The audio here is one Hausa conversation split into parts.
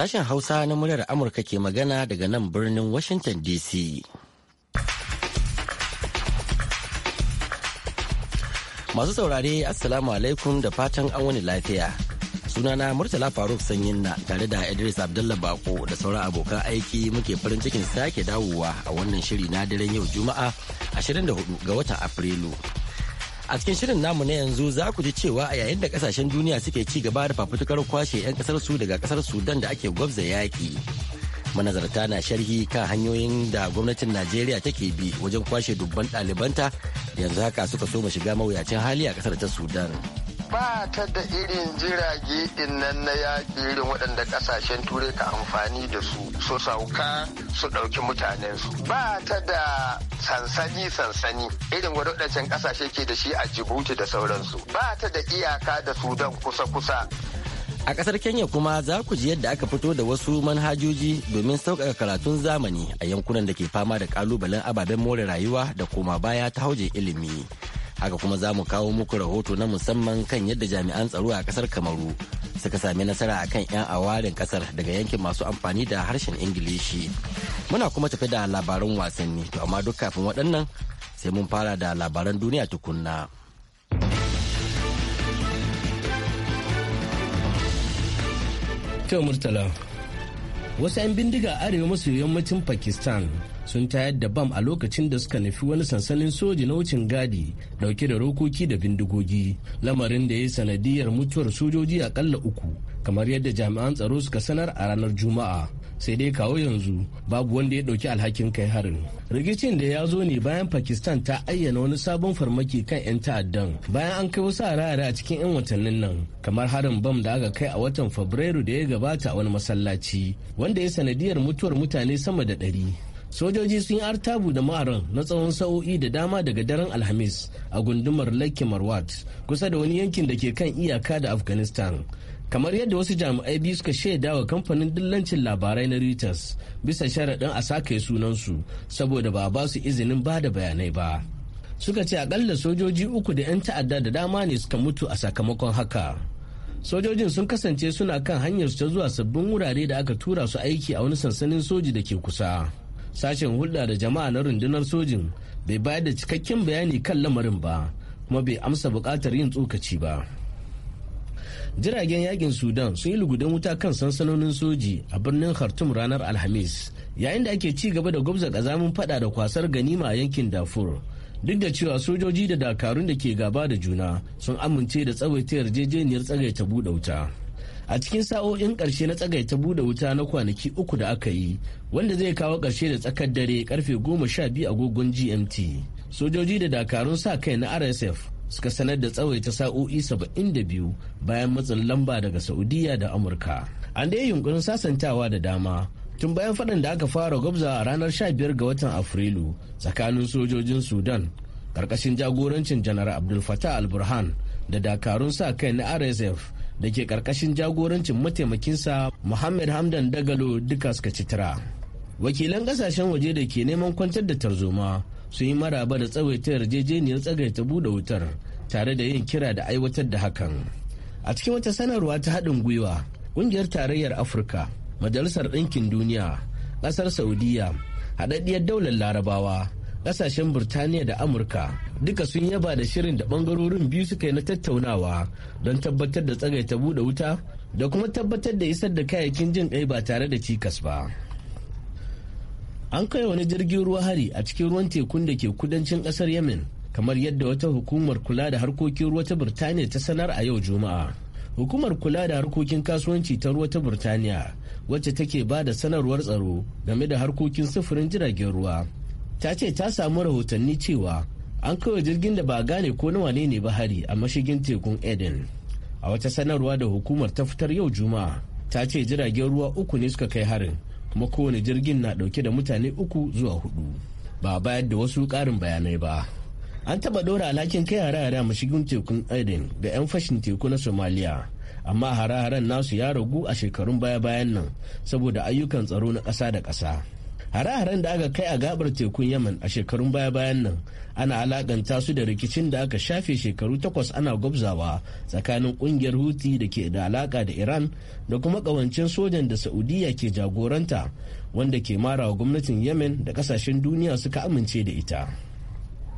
Sashen Hausa na muryar Amurka ke magana daga nan birnin Washington DC. Masu saurare Assalamu alaikum da fatan an wani lafiya. Sunana Murtala Faruk Sanyin na tare da Idris Abdullah Bako da sauran abokan aiki muke farin cikin sake dawowa a wannan shiri na daren yau Juma'a 24 ga watan Afrilu. A cikin shirin namu na yanzu za ku ji cewa a yayin da kasashen duniya suke ci gaba da fafutukar kwashe 'yan kasar su daga kasar Sudan da ake gwabza yaƙi. Manazarta na sharhi kan hanyoyin da gwamnatin Najeriya take bi wajen kwashe dubban ɗalibanta da yanzu haka suka so mu shiga mawuyacin hali a kasar ta Sudan. ba ta da irin jirage din nan na yaƙi irin waɗanda ƙasashen turai ka amfani da su su sauka su ɗauki mutanensu ba ta da sansani sansani irin waɗancan ƙasashe ke da shi a jibuti da sauransu ba ta da iyaka da sudan kusa kusa A ƙasar Kenya kuma za ku ji yadda aka fito da wasu manhajoji domin sauƙaƙa karatun zamani a yankunan da ke fama da ƙalubalen ababen more rayuwa da koma baya ta hauje ilimi. haka kuma za mu kawo muku rahoto na musamman kan yadda jami'an tsaro a kasar kamaru suka sami nasara a kan 'yan awarin kasar daga yankin masu amfani da harshen ingilishi muna kuma tafi da labaran wasanni to amma duk kafin waɗannan sai mun fara da labaran duniya tukunna. Murtala wasu 'yan bindiga arewa maso yammacin pakistan sun tayar da bam a lokacin da suka nufi wani sansanin soji na wucin gadi dauke da rokoki da bindigogi lamarin da ya yi sanadiyar mutuwar sojoji akalla uku kamar yadda jami'an tsaro suka sanar a ranar juma'a sai dai kawo yanzu babu wanda ya dauki alhakin kai harin rikicin da ya zo ne bayan pakistan ta ayyana wani sabon farmaki kan 'yan ta'addan bayan an kai wasu yara a cikin 'yan watannin nan kamar harin bam da aka kai a watan fabrairu da ya gabata a wani masallaci wanda ya sanadiyar mutuwar mutane sama da ɗari sojoji sun yi artabu da ma'aran na tsawon sa'o'i da dama daga daren alhamis a gundumar lake marwat kusa da wani yankin da ke kan iyaka da afghanistan kamar yadda wasu jami'ai biyu suka shaida wa kamfanin dillancin labarai na reuters bisa sharaɗin a sake sunansu saboda ba ba su izinin ba da bayanai ba suka ce akalla sojoji uku da 'yan ta'adda da dama ne suka mutu a sakamakon haka sojojin sun kasance suna kan hanyarsu ta zuwa sabbin wurare da aka tura su aiki a wani sansanin soji da ke kusa sashen hulɗa da jama'a na rundunar sojin bai bayar da cikakken bayani kan lamarin ba kuma bai amsa buƙatar yin tsokaci ba jiragen yakin sudan sun yi lugudan wuta kan sansanonin soji a birnin khartum ranar alhamis yayin da ake ci gaba da gwabza ƙazamin fada da kwasar ganima a yankin dafur duk da cewa sojoji da dakarun da ke gaba da juna sun amince da tsawaita yarjejeniyar tsagaita buɗe wuta a cikin sa'o'in ƙarshe na tsagaita buɗe wuta na kwanaki uku da aka yi wanda zai kawo ƙarshe da tsakar dare karfe goma sha biyu agogon gmt sojoji da dakarun sa kai na rsf suka sanar da tsawaita sa'o'i saba'in da biyu bayan matsin lamba daga saudiya da amurka an dai yunkurin sasantawa da dama tun bayan faɗin da aka fara gwabza a ranar sha biyar ga watan afrilu tsakanin sojojin sudan ƙarƙashin jagorancin janar abdul fatah al-burhan da dakarun sa kai na rsf da ke karkashin jagorancin mataimakinsa Muhammad Hamdan Dagalo duka suka ci tara. Wakilan kasashen waje da ke neman kwantar da tarzoma sun yi maraba da tsawaita yarjejeniyar tsagaita buɗe wutar tare da yin kira da aiwatar da hakan. A cikin wata sanarwa ta haɗin gwiwa, ƙungiyar tarayyar Afirka, Majalisar Ɗinkin Duniya, ƙasar Saudiya, haɗaɗɗiyar daular Larabawa, kasashen Burtaniya da Amurka duka sun yaba da shirin da bangarorin biyu suka yi na tattaunawa don tabbatar da tsagaita buɗe wuta da kuma tabbatar da isar da kayayyakin jin kai ba tare da cikas ba. An kai wani jirgin ruwa hari a cikin ruwan tekun da ke kudancin ƙasar Yemen kamar yadda wata hukumar kula da harkokin ruwa ta Burtaniya ta sanar a yau Juma'a. Hukumar kula da harkokin kasuwanci ta ruwa ta Burtaniya wacce take ba da sanarwar tsaro game da harkokin sufurin jiragen ruwa ta ce ta samu rahotanni cewa an kawai jirgin da ba gane ko na wane ne ba hari a mashigin tekun eden a wata sanarwa da hukumar ta fitar yau juma'a ta ce jiragen ruwa uku ne suka kai harin kuma kowane jirgin na dauke da mutane uku zuwa hudu ba bayar da wasu karin bayanai ba an taba dora alhakin kai hare-hare a mashigin tekun eden ga 'yan fashin teku na somaliya amma hare-haren nasu ya ragu a shekarun baya-bayan nan saboda ayyukan tsaro na ƙasa da ƙasa Hare-haren da aka kai a gabar tekun Yaman a shekarun baya-bayan nan ana alakanta su da rikicin da aka shafe shekaru takwas ana gwabzawa tsakanin ƙungiyar Houthi da ke da alaƙa da Iran da kuma kawancin sojan da Saudiya ke jagoranta wanda ke marawa gwamnatin Yemen da ƙasashen duniya suka amince da ita.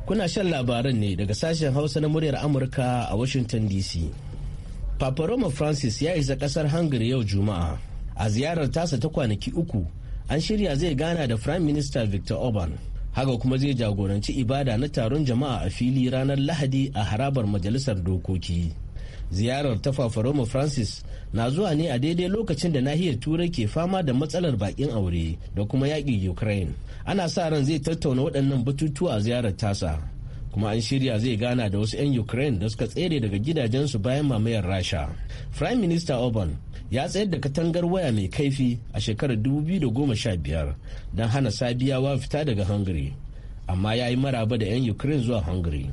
Kuna shan labaran ne daga sashen Hausa na muryar Amurka a Washington DC. Papa Roma Francis ya isa kasar Hungary yau Juma'a a ziyarar tasa ta kwanaki uku an shirya zai gana da prime minister victor orban haka kuma zai jagoranci ibada na taron jama'a a fili ranar lahadi a harabar majalisar dokoki ziyarar ta fafaroma francis na zuwa ne a daidai lokacin da nahiyar turai ke fama da matsalar bakin aure da kuma yaƙin ukraine ana sa ran zai tattauna waɗannan batutuwa a ziyarar tasa kuma an shirya zai gana da wasu 'yan ukraine da suka tsere daga gidajensu bayan mamayar rasha prime minister orban ya tsayar da katangar waya mai kaifi a shekarar 2015 don hana sabiyawa fita daga hungary amma ya yi maraba da 'yan ukraine zuwa hungary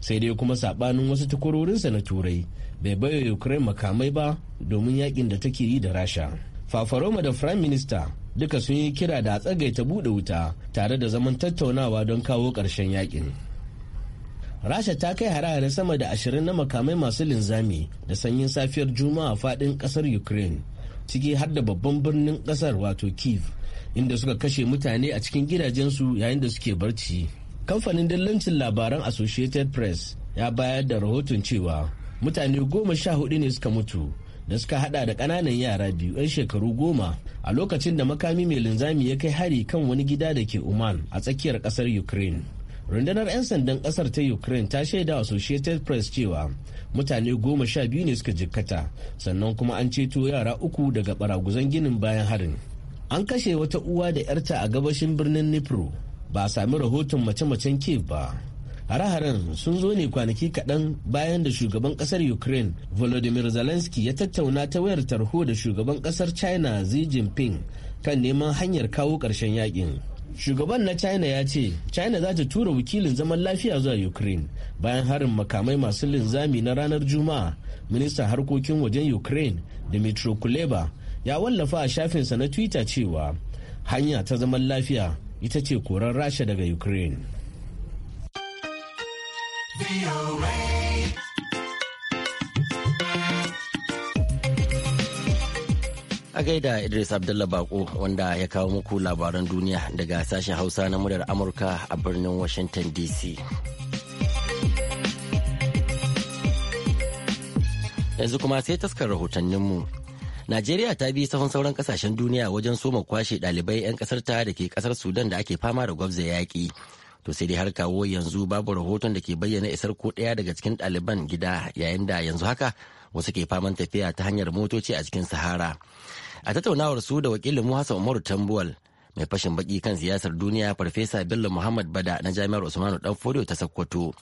sai dai kuma sabanin wasu takwarorinsa na turai bai baiwa ukraine makamai ba domin yakin da take yi da rasha fafaroma da prime minister duka sun yi kira da a tsagaita buɗe wuta tare da zaman tattaunawa don kawo ƙarshen yakin. rasha ta kai hare-hare sama da ashirin na makamai masu linzami da sanyin safiyar juma'a faɗin ƙasar ukraine ciki har da babban birnin ƙasar wato kiev inda suka kashe mutane a cikin gidajensu yayin da suke barci kamfanin dillancin labaran associated press ya bayar da rahoton cewa mutane goma sha hudu ne suka mutu da suka hada da ƙananan yara biyu 'yan shekaru goma a lokacin da makami mai linzami ya kai hari kan wani gida da ke uman a tsakiyar ƙasar ukraine rundunar 'yan sandan kasar ta ukraine ta shaida associated press cewa mutane goma sha biyu ne suka jikkata sannan kuma an ceto yara uku daga baraguzan ginin bayan harin an kashe wata uwa da 'yarta a gabashin birnin nipro ba a sami rahoton mace-macen kiev ba hare-haren sun zo ne kwanaki kaɗan bayan da shugaban ƙasar ukraine volodymyr zelensky ya tattauna ta wayar tarho da shugaban ƙasar china xi jinping kan neman hanyar kawo ƙarshen yakin shugaban na china ya ce china za ta tura wakilin zaman lafiya zuwa ukraine bayan harin makamai masu linzami na ranar juma'a ministan harkokin wajen ukraine dmitry kuleba ya wallafa a shafinsa na twitter cewa hanya ta zaman lafiya ita ce koran rasha daga ukraine A gaida Idris Abdullah Bako wanda ya kawo muku labaran duniya daga sashen Hausa na muryar Amurka a birnin Washington DC. Yanzu kuma sai taskar rahotanninmu. Najeriya ta bi sahun sauran kasashen duniya wajen soma kwashe ɗalibai 'yan ƙasar ta da ke ƙasar Sudan da ake fama da gwabza yaƙi. To sai dai har kawo yanzu babu rahoton da ke bayyana isar ko ɗaya daga cikin ɗaliban gida yayin da yanzu haka wasu ke faman tafiya ta hanyar motoci a cikin Sahara. a tattaunawar su da wakilin mu Hassan Umaru Tambuwal mai fashin baki kan siyasar duniya Farfesa Bello Muhammad Bada na Jami'ar Usmanu Danfodiyo ta Sokoto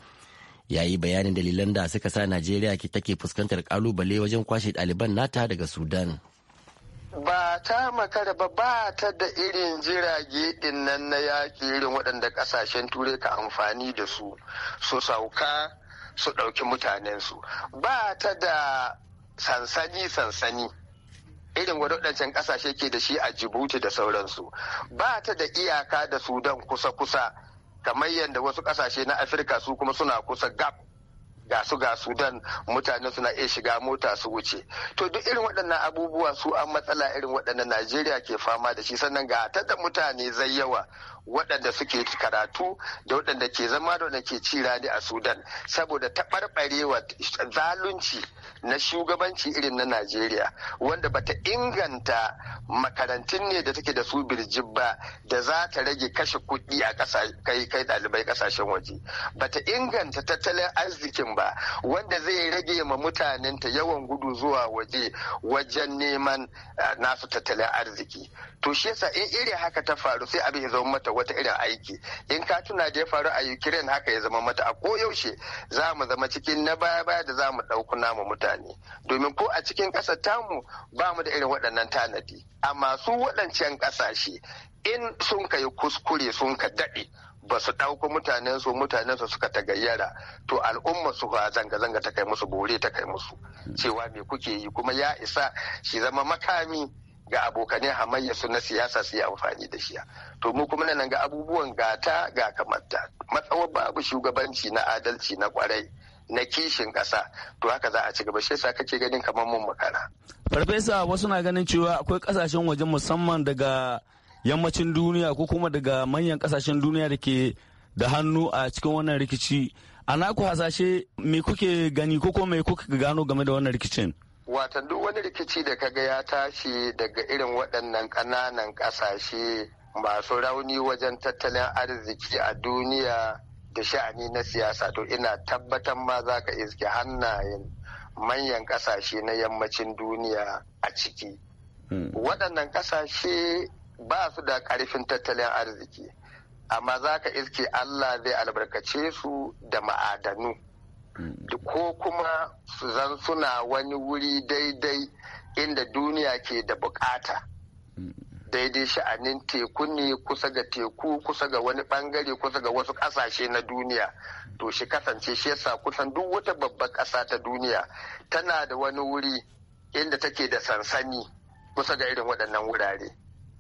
ya yi bayanin dalilan da suka sa Najeriya take fuskantar kalubale wajen kwashe ɗaliban nata daga Sudan. ba ta makara ba ba ta da irin jirage din nan na yaƙi irin waɗanda ƙasashen turai ka amfani da su su sauka su ɗauki mutanensu ba ta da sansani sansani irin wancan kasashe ke da shi a Djibouti da sauransu ba ta da iyaka da Sudan kusa-kusa kamar yadda wasu kasashe na Afirka su kuma suna kusa gab ga ga Sudan mutane suna iya shiga mota su wuce to duk irin waɗannan abubuwa su an matsala irin waɗannan Najeriya ke fama da shi sannan ga ta da mutane zai yawa waɗanda suke karatu da waɗanda ke zama da waɗanda ke ci rani a sudan saboda taɓarɓarewa zalunci na shugabanci irin na najeriya wanda bata inganta makarantun ne da take da su birjib ba da za ta rage kashe kuɗi a kai kai ɗalibai ƙasashen waje bata inganta tattalin arzikin ba wanda zai rage ma mutanen ta yawan gudu zuwa waje wajen neman eh, nasu tattalin arziki to shi yasa in iri haka ta faru sai abin ya zama mata wata irin aiki in ka tuna da ya faru a ukraine haka ya zama mata a koyaushe za mu zama cikin na baya baya da za mu ɗauku namu mutane domin ko a cikin ƙasar tamu ba mu da irin waɗannan tanadi amma su waɗancan ƙasashe in sun ka yi kuskure sun ka daɗe ba su ɗauko mutanensu, mutanensu suka ta gayyara to al'umma su ba zanga-zanga ta kai musu bore ta kai musu cewa me kuke yi kuma ya isa shi zama makami ga abokanin hamayya su na siyasa su yi amfani da shi to mu kuma nan ga abubuwan gata ga kamata matsawar babu shugabanci na adalci na kwarai na kishin kasa to haka za a ci gaba shi yasa kake ganin kamar mun makara farfesa wasu na ganin cewa akwai kasashen waje musamman daga yammacin duniya ko kuma daga manyan kasashen duniya da ke da hannu a cikin wannan rikici ana naku hasashe me kuke gani ko kuma me kuka gano game da wannan rikicin watan duk wani rikici da kaga ya tashi daga irin waɗannan ƙananan ƙasashe masu rauni wajen tattalin arziki a duniya da sha'ani na siyasa to ina tabbatar ma za ka iske hannayen manyan ƙasashe na yammacin duniya a ciki hmm. waɗannan ƙasashe ba su da ƙarfin tattalin arziki amma za ka iske allah zai albarkace su da ma'adanu ko kuma su zan suna wani wuri daidai inda duniya ke da bukata daidai sha'anin teku ne kusa ga teku kusa ga wani bangare kusa ga wasu kasashe na duniya to shi kasance shi yasa kusan duk wata babbar ƙasa ta duniya tana da wani wuri inda take da sansani kusa ga irin waɗannan wurare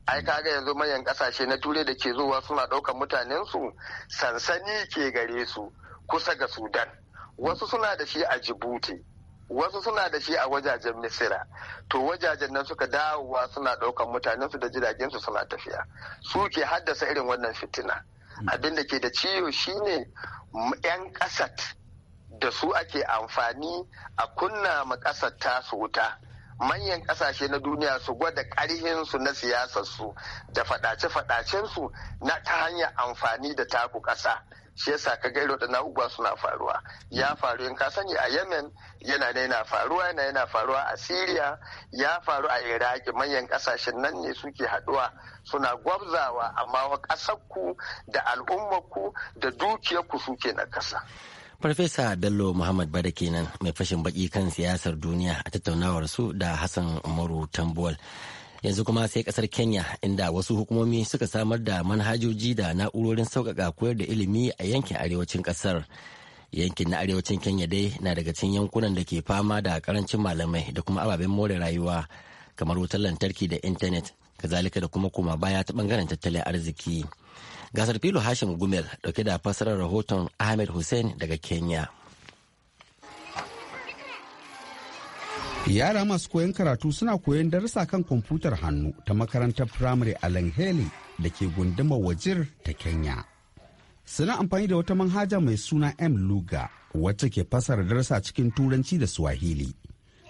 ai kaga yanzu manyan ƙasashe na turai da ke zuwa suna ɗaukar mutanensu sansani ke gare su kusa ga sudan wasu suna da shi a jibuti wasu suna da shi a wajajen misira to wajajen nan suka dawowa suna ɗaukar mutanensu da jiragen su suna tafiya su ke haddasa irin wannan fitina hmm. abin da ke da ciwo shine 'yan ƙasat da su ake amfani a kunna ma ƙasar tasu wuta manyan ƙasashe na duniya su gwada ƙarhinsu na siyasarsu da faɗace-faɗacensu na ta hanyar amfani da taku ƙasa shi yasa ka gairo da na'uba suna faruwa ya faru in ka sani a yemen yana da yana faruwa yana yana faruwa a syria ya faru a iraki manyan kasashen nan ne suke haduwa suna gwabzawa amma kasar ku da al'ummar ku da dukiyarku ku suke na kasa Farfesa Bello Muhammad Bada kenan mai fashin baki kan siyasar duniya a tattaunawar su da Hassan Umaru Tambuwal. yanzu kuma sai kasar kenya inda wasu hukumomi suka samar da manhajoji da na'urorin sauƙaƙa koyar da ilimi a yankin arewacin kasar yankin na arewacin kenya dai na daga cikin yankunan da ke fama da karancin malamai da kuma ababen more rayuwa kamar wutar lantarki da intanet kazalika da kuma koma baya ta bangaren tattalin arziki gasar filo hashim gumel dauke da fassarar rahoton ahmed hussein daga kenya yara masu koyon karatu suna koyon darussa kan kwamfutar hannu ta makarantar firamare a langhele da ke gundumar wajir ta kenya suna amfani da wata manhaja mai suna m luga wacce ke fasara darasa cikin turanci da swahili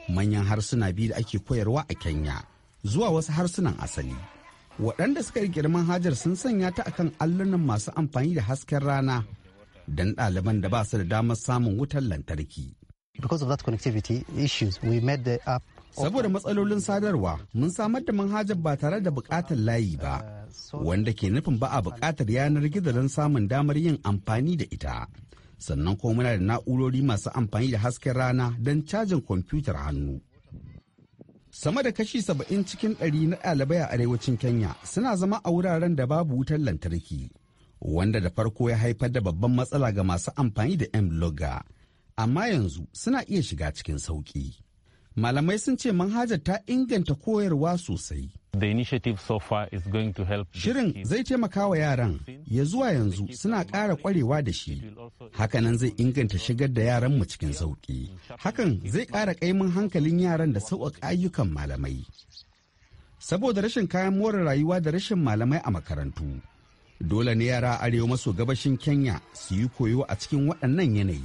manyan harsuna biyu da ake koyarwa a kenya zuwa wasu harsunan asali waɗanda suka yi ƙirƙiri manhajar sun sanya ta akan allunan masu amfani da hasken rana don ɗaliban da ba su da damar samun wutar lantarki Because saboda matsalolin sadarwa mun samar da manhajar ba tare da bukatar layi ba uh, wanda ke nufin ba a bukatar yanar gizo don samun damar yin amfani da ita sannan kuma muna da na'urori masu amfani da hasken rana don cajin kwamfutar hannu sama da kashi saba'in cikin ɗari na ɗalibai a arewacin kenya suna zama a wuraren da babu wutar lantarki wanda da farko ya haifar da babban matsala ga masu amfani da m-logger amma yanzu suna iya shiga cikin sauƙi. Malamai sun ce manhajar ta inganta koyarwa sosai. Shirin zai taimaka wa yaran ya zuwa yanzu suna ƙara ƙwarewa da shi. Hakanan zai inganta shigar da yaran mu cikin sauƙi. Hakan zai ƙara ƙaimin hankalin yaran da sauƙaƙa ayyukan malamai. Saboda rashin kayan more rayuwa da rashin malamai a makarantu. Dole ne yara arewa maso gabashin Kenya su yi koyo a cikin waɗannan yanayi.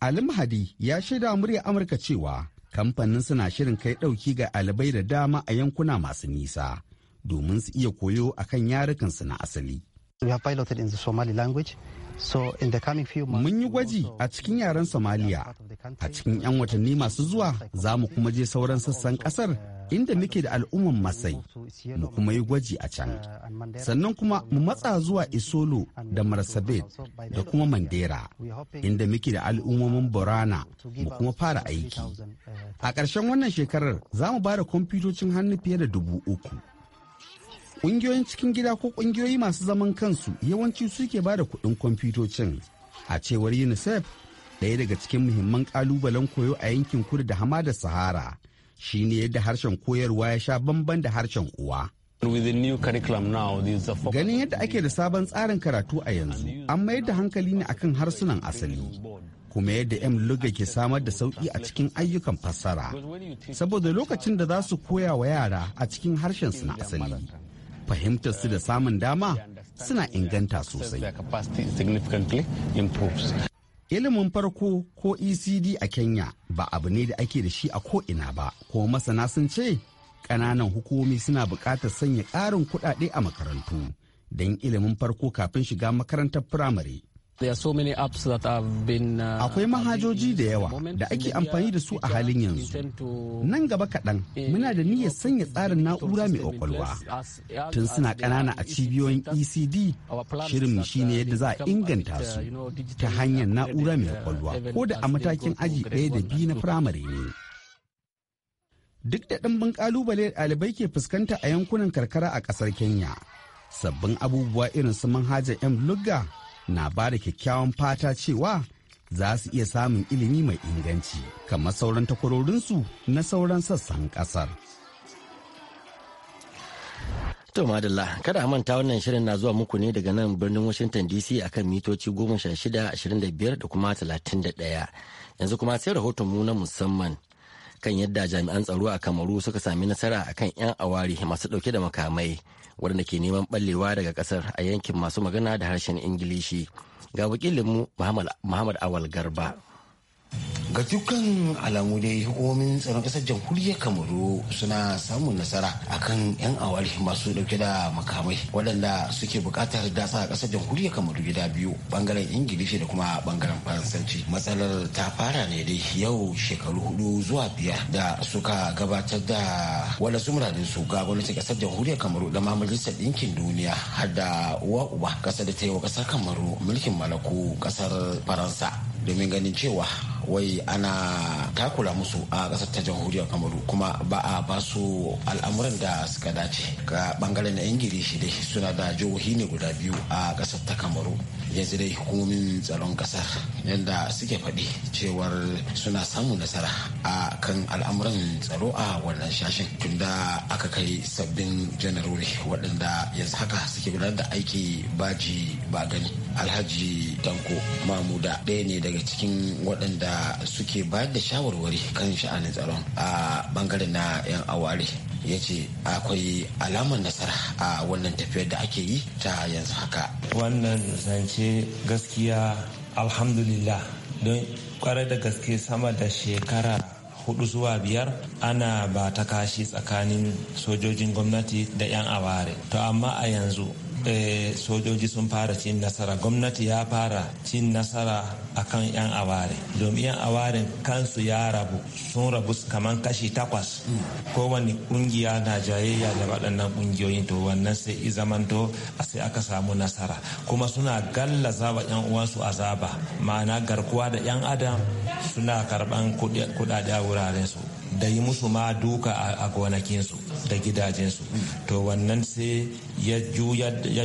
Ali Mahadi ya shaida murya Amurka cewa kamfanin suna shirin kai ɗauki ga ɗalibai da dama a yankuna masu nisa domin su iya koyo akan su na asali. We piloted in the language Mun yi gwaji a cikin yaren Somalia. A cikin 'yan watanni masu zuwa za mu kuma je sauran sassan kasar inda muke da al'umman Masai. Mu kuma yi gwaji a can. Uh, Sannan kuma mu matsa zuwa Isolo da Marsabit da kuma Mandera inda muke da al'ummomin uh, Borana mu kuma fara aiki. Uh, a ƙarshen wannan shekarar za mu ba da kwamfutocin hannu fiye da dubu uku. Ƙungiyoyin cikin gida ko ƙungiyoyi masu zaman kansu yawanci suke ba da kuɗin kwamfutocin. A cewar UNICEF, ɗaya daga cikin muhimman ƙalubalen koyo a yankin kudu da hamadar Sahara shine yadda harshen koyarwa ya sha bamban da harshen uwa. Ganin yadda ake da sabon tsarin karatu a yanzu, an mayar da hankali ne akan harsunan asali. kuma yadda M. Luga ke samar da sauƙi a cikin ayyukan fassara. Saboda lokacin da za su koya wa yara a cikin harshen su na asali, fahimtar su da samun dama suna inganta sosai. Ilimin farko ko ECD a Kenya ba abu ne da ake da shi a ko'ina ba, ko masana sun ce ƙananan hukumomi suna buƙatar sanya ƙarin kuɗaɗe a makarantu don ilimin farko kafin shiga makarantar firamare Uh, Akwai manhajoji da yawa da ake amfani da su a halin yanzu. Nan gaba kaɗan eh, muna da niyyar sanya tsarin na'ura mai ƙwaƙwalwa. Tun suna ƙanana a cibiyoyin ECD, e shirin uh, shi ne yadda za a inganta uh, su ta hanyar na'ura mai ƙwaƙwalwa ko da a matakin aji ɗaya da biyu na firamare ne. Duk da ɗimbin ƙalubale ɗalibai ke fuskanta a yankunan karkara a ƙasar Kenya, sabbin abubuwa irin su manhajar 'yan lugga na ba da kyakkyawan fata cewa za su iya samun ilimi mai inganci kamar sauran takwarorinsu na sauran sassan kasar. To madalla kada manta wannan shirin na zuwa muku ne daga nan birnin Washington DC akan mitoci 16, 25 da kuma 31. Yanzu kuma sai rahoton mu na musamman. kan yadda jami'an tsaro a kamaru suka sami nasara a kan 'yan awari masu dauke da makamai waɗanda ke neman ɓallewa daga ƙasar a yankin masu magana da harshen ingilishi ga wakilinmu muhammad awal garba ga dukkan alamu dai hukumomin tsaron kasar jamhuriyar kamaru suna samun nasara a kan yan awari masu dauke da makamai waɗanda suke buƙatar datsa kasar jamhuriyar kamaru gida biyu bangaren ingilishi da kuma bangaren faransanci matsalar ta fara ne dai yau shekaru hudu zuwa biyar da suka gabatar da wala muradin su ga gwamnatin kasar jamhuriyar kamaru da ma majalisar ɗinkin duniya har da uwa uba kasar da ta yi wa kasar kamaru mulkin malaku kasar faransa domin ganin cewa wai ana takura musu a kasar ta jamhuriyar kamaru kuma ba a ba su al'amuran da suka dace ga bangaren na ingilishi da suna da jihohi ne guda biyu a ƙasar ta kamaru ya ji dai hukumomin tsaron kasar yadda suke faɗi cewar suna samun nasara a kan al'amuran tsaro a wannan shashin tunda aka kai sabbin janarori waɗanda yanzu haka suke gudanar da aiki baji ba gani alhaji tanko mamuda ɗaya ne daga cikin waɗanda suke bayar da shawarwari kan sha'anin tsaron a bangaren na 'yan aware ya ce akwai alamar nasara a wannan tafiyar da ake yi ta yanzu haka wannan zance gaskiya alhamdulillah don kwarar da gaske sama da shekara hudu zuwa biyar ana ba ta kashi tsakanin sojojin gwamnati da 'yan aware to amma a yanzu Eh, sojoji sun fara cin nasara gwamnati ya fara cin nasara akan 'yan aware domin 'yan awarin kansu ya rabu sun rabu kamar kashi takwas kowane kungiya na jayayya da waɗannan kungiyoyin to wannan sai izamanto sai aka samu nasara kuma suna galla wa 'yan uwansu a azaba ma'ana garkuwa da 'yan adam suna karɓan kuɗaɗe a wurarensu da yi musu ma duka a gonakinsu da gidajensu to wannan sai ya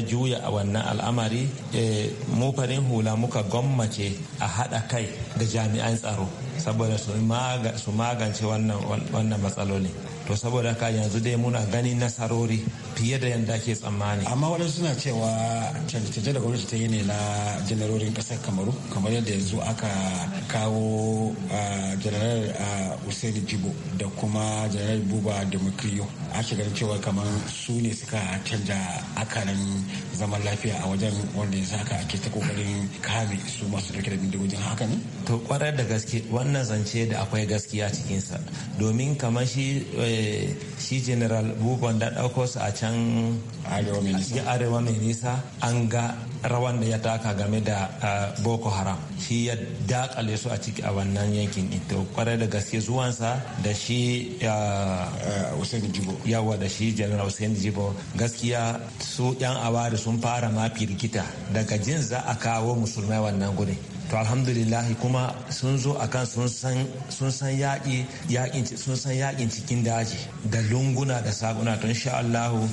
juya a wannan al'amari eh, mu farin hula muka gwammace a haɗa kai da jami'an tsaro saboda su magance wannan matsaloli to saboda ka yanzu dai muna gani nasarori fiye da yadda ke tsammani amma waɗansu suna cewa canje-canje da gwamnati ta yi ne na janarorin ƙasar kamaru kamar yadda yanzu aka kawo janarar usaini jibo da kuma janarar buba demokriyo ake ganin cewa kamar su ne suka canja akalan zaman lafiya a wajen wanda ya saka ake ta kokarin kame su masu dauke da bindigogin haka ne to kwarar da gaske wannan zance da akwai gaskiya cikinsa domin kamar shi eh, shi general bugon da ɗauko su a can arewa mai nisa an ga rawan da ya taka game da boko haram shi ya dakale su a ciki a wannan yankin to kwarai da gaske zuwansa da shi eh, Hussein Jibo yawa da shi general Hussein Jibo gaskiya su yan awari sun fara mafi rikita daga jin za a kawo musulmai wannan gudun to alhamdulillah kuma sun zo akan sun san yaƙi sun san yaƙin cikin daji da lunguna da saguna to insha Allahu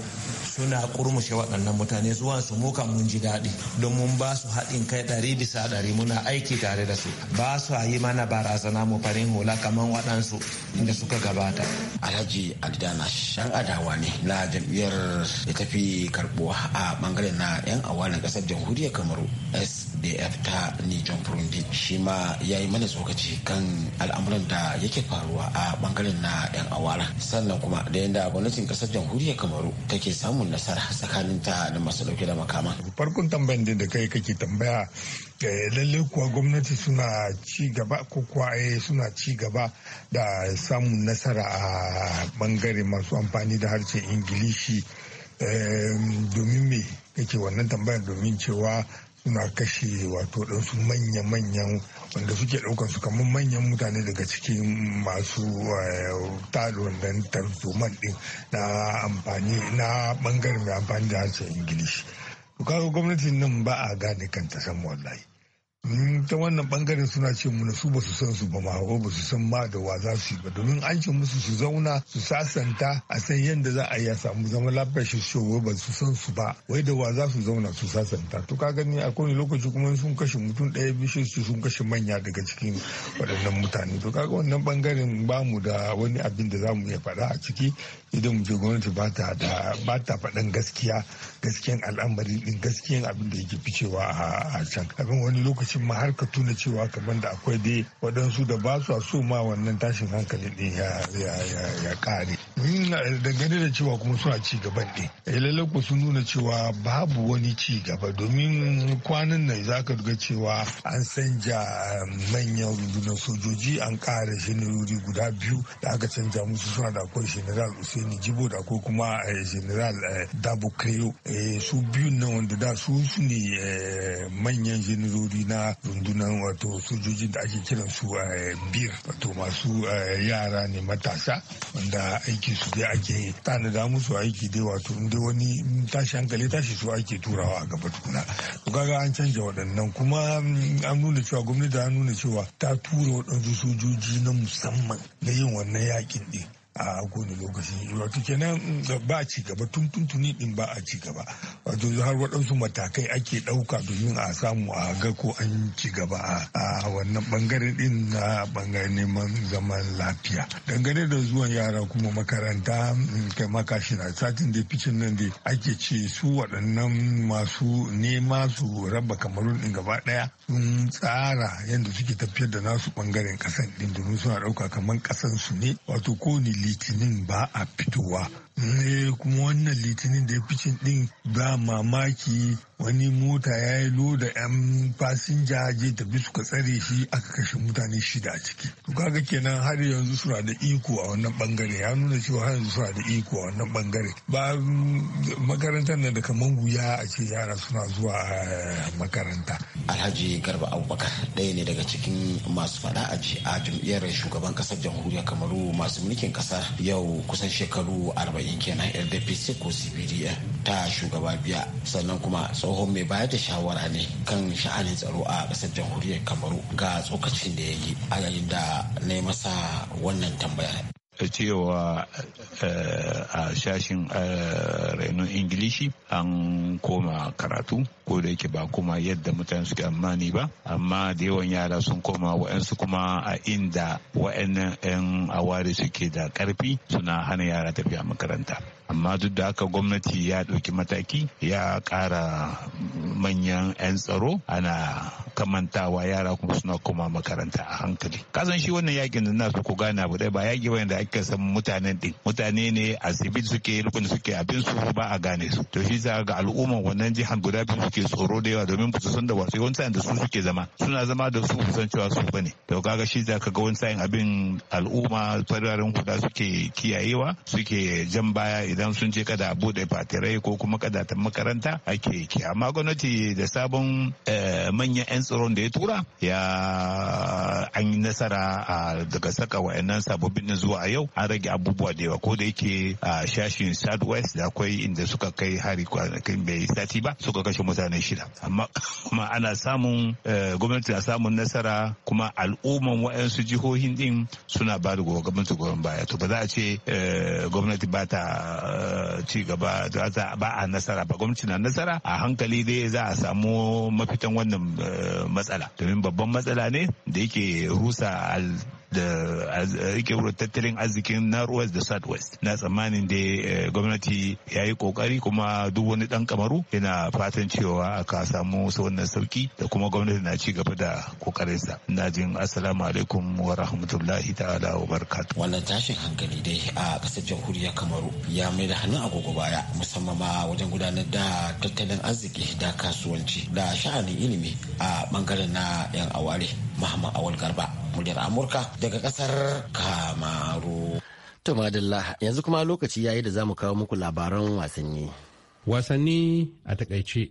suna kurmushe waɗannan mutane zuwan su muka mun ji daɗi don mun ba su haɗin kai ɗari bisa ɗari muna aiki tare da su ba su yi mana barazana mu farin hula kamar waɗansu inda suka gabata. Alhaji Adidana shan adawa ne na jam'iyyar da tafi karɓuwa a ɓangaren na 'yan awa na ƙasar jamhuriyar Kamaru SDF ta Nijon burundi shi ma ya yi mana tsokaci kan al'amuran da yake faruwa a bangaren na yan awara sannan kuma da yadda gwamnatin kasar jamhuriyar kamaru take samun nasara tsakanin ta da masu dauke da makama farkon tambayan da kai kake tambaya eh, lalle kuwa gwamnati suna ci gaba ko kuwa eh, suna ci gaba da samun nasara a bangare masu amfani da harshen ingilishi eh, domin me kake wannan tambayar domin cewa suna kashe wato ɗansu manya-manyan wanda suke ɗaukar su kamar manyan mutane daga cikin masu eh, talon don tarzoman ɗin na amfani na mai amfani da harshen ingilishi. kaga gwamnatin nan ba a gane kanta san wallahi Mm, ta wannan bangaren suna ce muna su basu san su ba ma ba su san ma da wa za su yi ba domin an ce musu su zauna su sasanta a san yadda za a yi a samu zama lafiyar shi cewa ba su san su ba wai da wa za su zauna su sasanta to ka gani a kowane lokaci kuma sun kashe mutum ɗaya biyu su sun kashe manya daga cikin waɗannan mutane to kaga wannan bangaren ba mu da wani abin da za mu iya faɗa a ciki idan mu je gwamnati ba ta da ba ta faɗan gaskiya gaskiyan al'amari din gaskiyan abin da yake ficewa a can abin wani lokaci tashin ma har ka tuna cewa kamar da akwai dai waɗansu da ba su a so ma wannan tashin hankali ɗin ya ƙare. dangane da cewa kuma suna ci gaban ɗin eh, lallai ku sun nuna cewa babu wani ci gaba domin kwanan nan za ka ga cewa an canja um, manyan rundunar sojoji an ƙara shinirori guda biyu da aka canja musu suna da akwai general usaini jibo da akwai kuma eh, general eh, dabo kreyo su biyun nan wanda da su su ne manyan jenerori na rundunan wato sojojin da ake kiran su a eh, bir wato masu eh, yara ne matasa wanda aiki su dai ake tanada musu aiki dai wato inda wani tashi hankali tashi su ake turawa a gaba tukuna to kaga an canja waɗannan kuma mm, an nuna cewa gwamnati ta nuna cewa ta tura waɗansu sojoji na musamman na yin wannan yakin ɗin a kowane lokaci wato kenan ba a cigaba tun tuntuni din ba a cigaba wato har waɗansu matakai ake ɗauka domin a samu a ga ko an cigaba a wannan bangare din na bangare neman zaman lafiya dangane da zuwan yara kuma makaranta mm, kai makashi na satin da ficin nan da ake ce su waɗannan masu nema su raba kamarun din gaba ɗaya sun tsara yadda suke tafiyar da nasu bangaren ƙasan din domin suna ɗauka kamar ƙasan su ne wato ko ni litinin ba a fitowa Eh, kuma wannan litinin da ya fi cin din ba mamaki wani mota ya yi loda yan fasinja je ta bi suka tsare shi aka kashe mutane shida a ciki to kaga kenan har yanzu suna da iko a wannan bangare ya nuna cewa har yanzu suna da iko a wannan bangare ba makarantar nan da kaman wuya a ce yara suna zuwa eh, makaranta alhaji garba abubakar ɗaya ne daga cikin masu faɗa a a jam'iyyar shugaban ƙasar jamhuriyar kamaru masu mulkin ƙasa yau kusan shekaru arba'in arba'in kenan rdpc ko sibiriya ta shugaba biya sannan kuma tsohon mai bayar da shawara ne kan sha'anin tsaro a ƙasar jamhuriyar kamaru ga tsokacin da ya yi a yayin da na yi masa wannan tambayar cewa eh, a shashin eh, rainon ingilishi an koma karatu ko da yake ba kuma yadda mutane suke amani ba amma da yawan yara sun koma wa'ansu kuma a inda wa'annan 'yan awari suke da karfi suna hana yara tafiya makaranta amma duk da haka gwamnati ya ɗauki mataki ya ƙara manyan 'yan tsaro ana kamantawa yara kuma suna koma makaranta a hankali kasan shi wannan yakin da nasu ku gane abu ba yaki bane da ake san mutanen din mutane ne a sibil suke rukun suke abin su ba a gane su to shi za ga al'umma wannan jihar guda biyu suke tsoro da yawa domin su san da wasu yawan da su suke zama suna zama da su san cewa su bane to kaga shi za ka ga wani sa'in abin al'umma fararen huda suke kiyayewa suke jan baya idan sun je kada a bude fatirai ko kuma kada ta makaranta ake ki amma gwamnati da sabon eh, manyan 'yan jami'an tsaron da ya tura ya an yi nasara a daga saka wa'annan sababbin zuwa a yau an rage abubuwa da yawa ko da yake a shashin southwest da akwai inda suka kai hari kwanakin bai sati ba suka kashe mutane shida amma kuma ana samun eh, gwamnati na samun nasara kuma al'umman su jihohin din suna ba da gwamnati goyon baya to ba za a ce eh, gwamnati ba ta eh, ci gaba ba a nasara ba gwamnati na nasara a hankali dai za a samu mafitan wannan matsala domin babban matsala ne da yake rusa da rike eh, tattalin arzikin northwest da southwest na tsammanin da eh, gwamnati ya yi kokari kuma duk wani dan kamaru yana fatan cewa aka samu wannan sauki da kuma gwamnati na ci gaba da kokarinsa na jin assalamu alaikum wa rahmatullahi ta'ala wa barakatuh wannan tashin hankali dai a kasar jamhuriyar kamaru ya mai da hannun agogo baya musamman ma wajen gudanar da tattalin arziki da kasuwanci da sha'anin ilimi a bangaren na yan aware muhammad awal garba muryar Amurka daga kasar Kamaru. To madalla yanzu kuma lokaci yayi da za mu kawo muku labaran wasanni. Wasanni a takaice.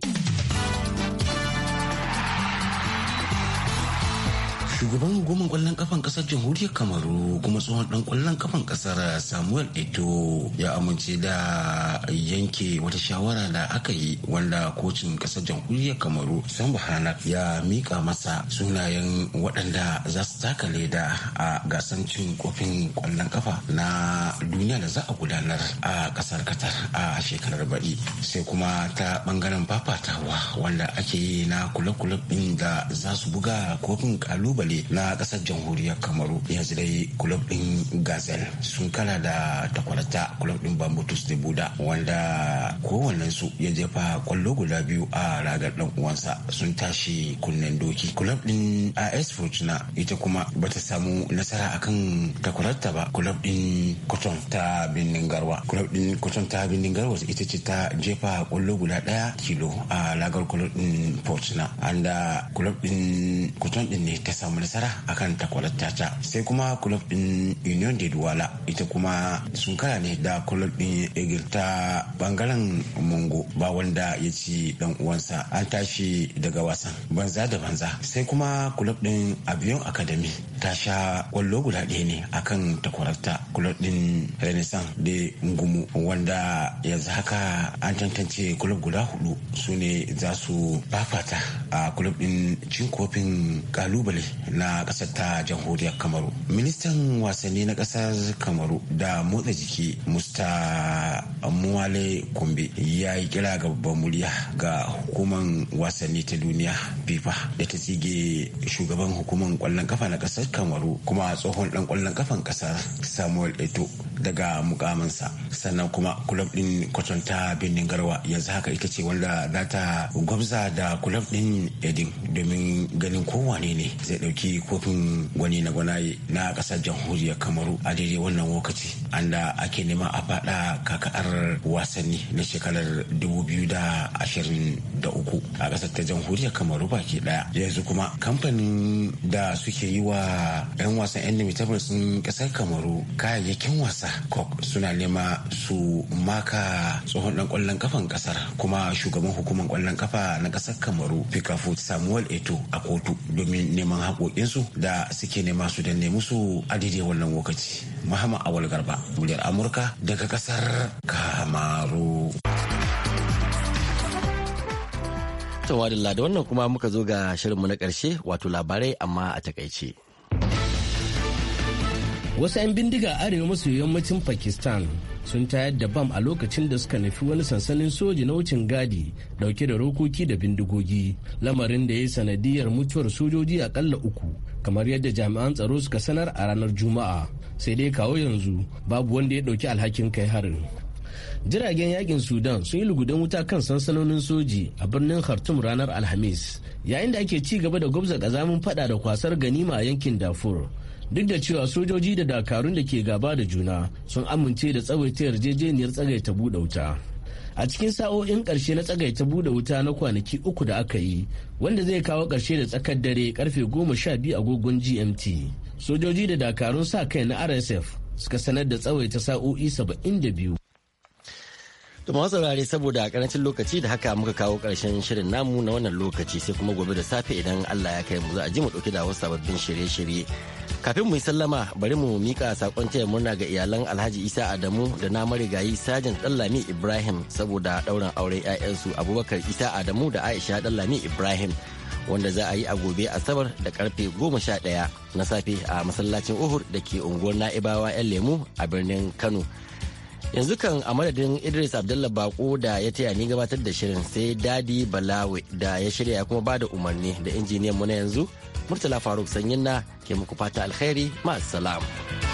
shugaban hukumar kwallon kafan kasar jamhuriyar kamaru kuma tsohon dan kwallon kafan kasar samuel eto ya amince da yanke wata shawara da aka yi wanda kocin kasar jamhuriyar kamaru samba hanak ya mika masa sunayen waɗanda za su taka leda a gasar cin kofin kwallon kafa na duniya da za a gudanar a kasar qatar a shekarar baɗi sai kuma ta bangaren fafatawa wanda ake yi na kule-kule da za su buga kofin kalubale koli na kasar jamhuriyar kamaru yanzu dai kulob din gazel sun kala da takwarata kulob din bambutus da buda wanda kowannen su ya jefa kwallo guda biyu a ragar dan uwansa sun tashi kunnen doki kulob din as fortuna ita kuma bata samu nasara akan takwarata ba kulob din cotton ta birnin garwa kulob din cotton ta birnin garwa ita ce ta jefa kwallo guda daya kilo a ragar kulob din fortuna anda kulob din cotton din ne ta samu nasara akan kan tata sai kuma kulob din union de duwala ita kuma sun kara ne da kulob din egil ta bangaren mungo ba wanda ya ci dan uwansa an tashi daga wasan banza da banza sai kuma kulob din avion academy ta sha kwallo guda ɗaya ne kan takwararta kulob din renaissance de ngumu wanda yanzu haka an tantance kulob guda hudu su ne za su fafata a kulob din cin kofin kalubale na ƙasar ta jamhuriyar kamaru ministan wasanni na ƙasar kamaru da motsa jiki musta muwale kumbe ya yi kira ga babban murya ga hukuman wasanni ta duniya fifa da ta tsige shugaban hukumar kwallon kafa na ƙasar kamaru kuma tsohon ɗan kwallon kafan ƙasar samuel eto daga mukaminsa sannan kuma kulab din kwatanta birnin garwa yanzu haka ita ce wanda za ta gwabza da kulab din edin domin ganin kowane ne zai dauki kofin gwani na gwanaye na kasar jamhuriyar kamaru a daidai wannan lokaci an da ake nema a fada kaka'ar wasanni na shekarar 2023 a kasar ta jamhuriyar kamaru baki daya yanzu kuma kamfanin da suke yi wa 'yan wasan 'yan limitabar sun kasar kamaru kayayyakin wasa Cork suna nema su maka tsohon dan kwallon kafan kasar kuma shugaban hukumar kwallon kafa na kasar Kamaru Fikafu Samuel Eto a kotu domin neman haƙoƙinsu da suke nema su dan nemi su daidai wannan lokaci. Muhammad Awal Garba, muryar Amurka daga kasar Kamaru. Tawadilla da wannan kuma muka zo ga shirinmu na ƙarshe wato labarai amma a takaice. wasu 'yan bindiga arewa maso yammacin pakistan sun tayar da bam a lokacin da suka nufi wani sansanin soji na wucin gadi dauke da rokoki da bindigogi lamarin da ya yi sanadiyar mutuwar sojoji akalla uku kamar yadda jami'an tsaro suka sanar a ranar juma'a sai dai kawo yanzu babu wanda ya dauki alhakin kai harin jiragen yakin sudan sun yi lugudan wuta kan sansanonin soji a birnin khartum ranar alhamis yayin da ake ci gaba da gwabza kazamin fada da kwasar ganima a yankin dafur. duk da cewa sojoji da dakarun da ke gaba da juna sun amince da tsawaita yarjejeniyar tsagaita buɗe wuta a cikin sa'o'in ƙarshe na tsagaita buɗe wuta na kwanaki uku da aka yi wanda zai kawo ƙarshe da tsakar dare karfe goma sha biyu agogon gmt sojoji da dakarun sa kai na rsf suka sanar da tsawaita sa'o'i saba'in da biyu To masu saurare saboda karancin lokaci da haka muka kawo karshen shirin namu na wannan lokaci sai kuma gobe da safe idan Allah ya kai mu za a ji mu dauki da wasu sababbin shirye-shirye. Kafin mu yi sallama bari mu mika sakon taya murna ga iyalan Alhaji Isa Adamu da na marigayi Sajan Dallami Ibrahim saboda dauran auren ƴaƴansu Abubakar Isa Adamu da Aisha Dallami Ibrahim. wanda za a yi a gobe asabar da karfe 11 na safe a masallacin uhur da ke unguwar na'ibawa 'yan lemu a birnin kano yanzu kan a madadin idris abdullah bako da ya taya ni gabatar da shirin sai dadi balawe da ya shirya ya kuma ba da umarni da injiniyan mu na yanzu murtala faruk sanyin na ke muku fata alkhairi ma'asalam. salam